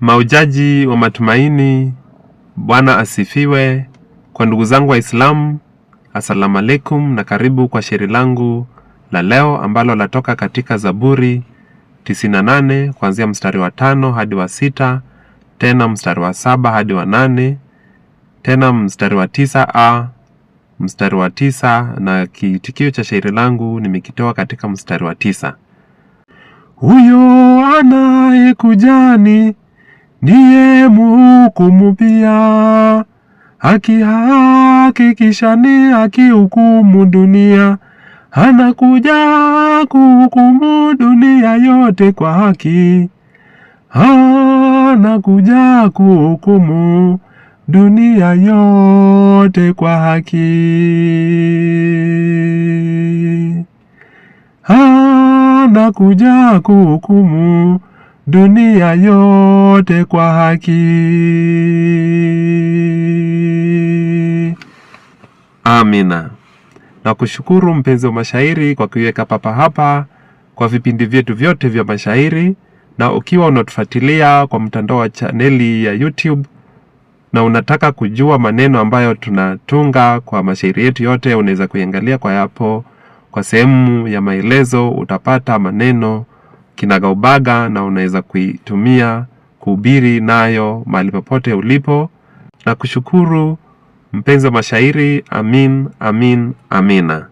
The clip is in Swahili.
Maujaji wa matumaini, Bwana asifiwe. Kwa ndugu zangu Waislamu, assalamu alaikum, na karibu kwa shairi langu la leo ambalo latoka katika Zaburi 98 kuanzia mstari wa tano hadi wa sita, tena mstari wa saba hadi wa nane, tena mstari wa tisa a mstari wa tisa, na kiitikio cha shairi langu nimekitoa katika mstari wa tisa. Huyo anayekujani ndiye mhukumu pia, akihakikisha ni akihukumu dunia, anakuja kuhukumu dunia yote kwa haki, anakuja kuhukumu dunia yote kwa haki, anakuja kuhukumu dunia yote kwa haki. Amina. Nakushukuru mpenzi wa mashairi kwa kuiweka papa hapa kwa vipindi vyetu vyote vya mashairi, na ukiwa unatufuatilia kwa mtandao wa chaneli ya YouTube na unataka kujua maneno ambayo tunatunga kwa mashairi yetu yote, unaweza kuiangalia kwa hapo. Kwa sehemu ya maelezo utapata maneno kinagaubaga na unaweza kuitumia kuhubiri nayo mahali popote ulipo na kushukuru mpenzi wa mashairi. Amin, amin, amina.